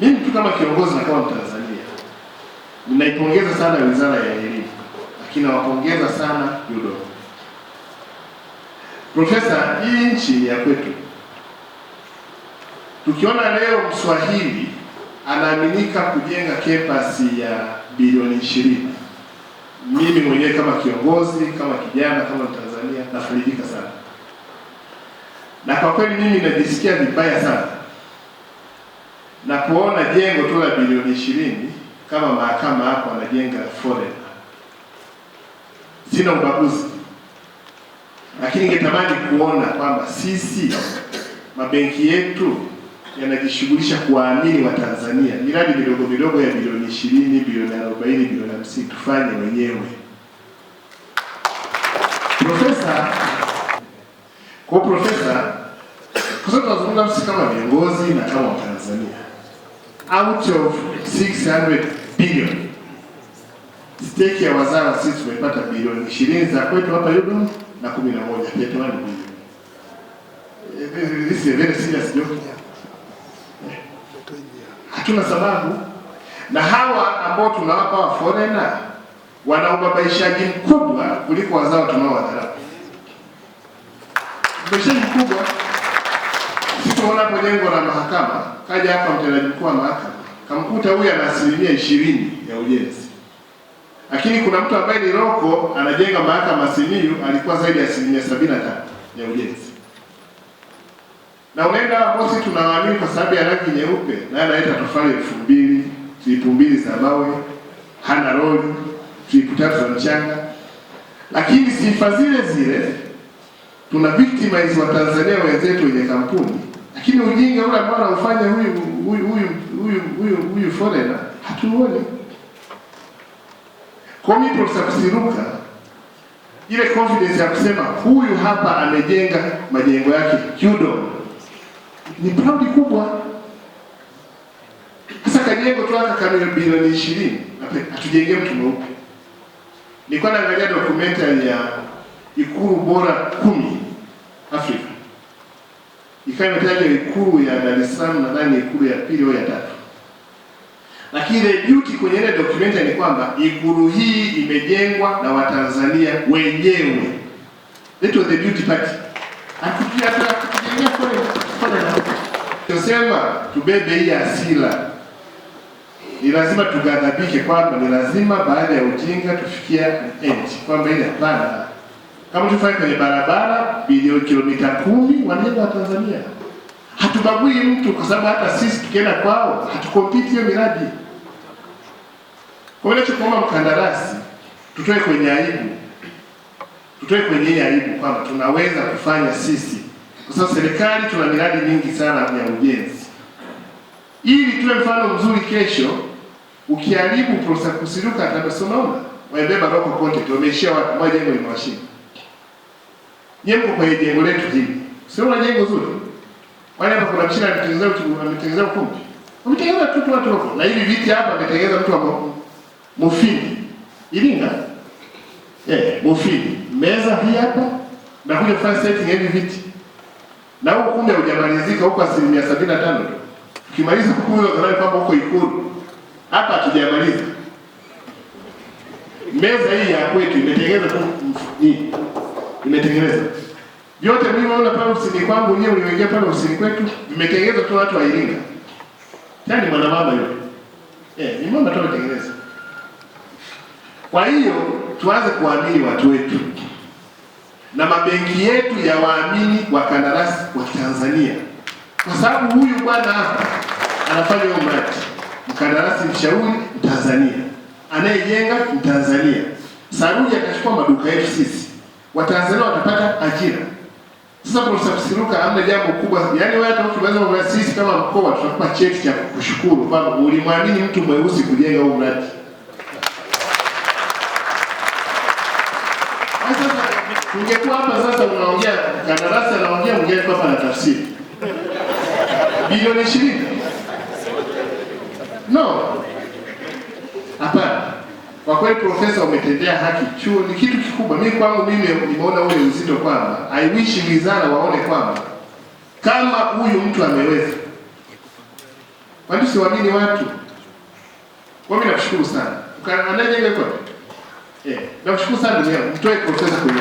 Mimi tu kama kiongozi na kama Mtanzania ninaipongeza sana Wizara ya Elimu, lakini nawapongeza sana UDOM. Profesa, hii nchi ni ya kwetu. Tukiona leo Mswahili anaaminika kujenga kampasi ya bilioni ishirini, mimi mwenyewe kama kiongozi, kama kijana, kama Mtanzania nafarijika sana, na kwa kweli mimi najisikia vibaya sana na kuona jengo tu la bilioni ishirini kama mahakama hapo anajenga foreign. Sina ubaguzi, lakini ningetamani kuona kwamba sisi mabenki yetu yanajishughulisha kuwaamini Watanzania, miradi midogo midogo ya bilioni ishirini, bilioni arobaini, bilioni hamsini tufanye wenyewe. Profesa kwa profesa, kwa sababu tunazungumza sisi kama viongozi na kama Watanzania out of 600 billion stake ya wazara sisi tumepata bilioni ishirini za kwetu hapa yudo na kumi na moja eh, hatuna sababu. Na hawa ambao tunawapa wa foreigner wana ubabaishaji mkubwa kuliko wazao tunaowadharau, ubabaishaji mkubwa Kesho jengo la mahakama, kaja hapa mtendaji mkuu wa mahakama, kamkuta huyu ana asilimia ishirini ya ujenzi, lakini kuna mtu ambaye ni roko anajenga mahakama Simiyu alikuwa zaidi ya asilimia sabini na tatu ya ujenzi, na unaenda bosi, tunawaamini kwa sababu ya rangi nyeupe na analeta tofali elfu mbili tripu mbili za mawe, hana roli, tripu tatu za mchanga, lakini sifa zile zile tuna victimize wa Tanzania wenzetu wenye kampuni lakini ujinga ule ambao anaufanya huyu huyu huyu huyu huyu huyu foreigner hatuoni. Kwa mimi Profesa Kusiluka ile confidence ya kusema huyu hapa amejenga majengo yake judo ni proud kubwa. Sasa kajengo tu haka kama bilioni 20 atujengee mtu mweupe. Nilikuwa naangalia documentary ya Ikulu bora kumi Afrika ikawa ikulu ya Dar es Salaam, nadhani ikulu ya pili au ya tatu. Lakini ile beauty kwenye ile documentary ni kwamba ikulu hii imejengwa na Watanzania wenyewe. That was the beauty part. Hakujia hata kujengea Tunasema tubebe hii asila, ni lazima tugadhabike kwamba ni lazima baada ya ujinga tufikia end kwamba ile hapana kama tufanye kwenye barabara bilioni kilomita kumi wanaenda wa Tanzania. Hatubagui mtu kwa sababu hata sisi tukienda kwao hatukompiti hiyo miradi. Kwa hiyo tunaomba mkandarasi, tutoe kwenye aibu, tutoe kwenye hii aibu kwamba tunaweza kufanya sisi, kwa sababu serikali tuna miradi mingi sana ya ujenzi, ili tuwe mfano mzuri kesho. Ukiharibu Profesa Kusiluka atamesonona, waebeba roko kote, tumeishia watu moja ni mashine Nyie mko kwenye jengo letu hili. Si una jengo zuri. Wale hapa kuna mshina ametengeneza mtu ametengeneza ukumbi. Umetengeneza tu watu wako. Na hivi viti hapa ametengeneza mtu wako. mufini. Ilinga. Eh, mufini. Meza hii hapa na kuja kufanya setting hivi viti. Na huko kumbi hujamalizika huko asilimia sabini na tano tu. Ukimaliza ukumbi unadhani kwamba huko Ikulu. Hapa hatujamaliza. Meza hii ya kwetu imetengenezwa tu hii nimetengeneza vyote naona pale ofisini kwangu, nyewe mliingia pale ofisini kwetu, nimetengeneza tu watu wa Iringa. mwana mwanamama yule eh, ni mama tu ametengeneza. Kwa hiyo tuanze kuamini watu wetu na mabenki yetu ya waamini kandarasi wa Tanzania, kwa sababu huyu bwana hapa anafanya hiyo mradi, mkandarasi mshauri Mtanzania, anayejenga Mtanzania. saruji atachukua maduka yetu sisi Watanzania watapata ajira. Sasa Profesa amna jambo kubwa, yaani wewe hata ukiweza, kwa sisi kama mkoa tutakupa cheti cha kushukuru kwamba ulimwamini mtu mweusi kujenga huu mradi. Ungekuwa hapa sasa unaongea kandarasi anaongea mgeni kwa pana tafsiri bilioni 20. no kwa kweli, profesa, umetendea haki. Chuo ni kitu kikubwa. Mimi kwangu mimi nimeona ule uzito kwamba I wish wizara waone kwamba kama huyu mtu ameweza, si siwaamini watu. Kwa mimi nakushukuru sana, Ukaanaje ile kwa eh, nakushukuru sana ndio mtoe profesa kwa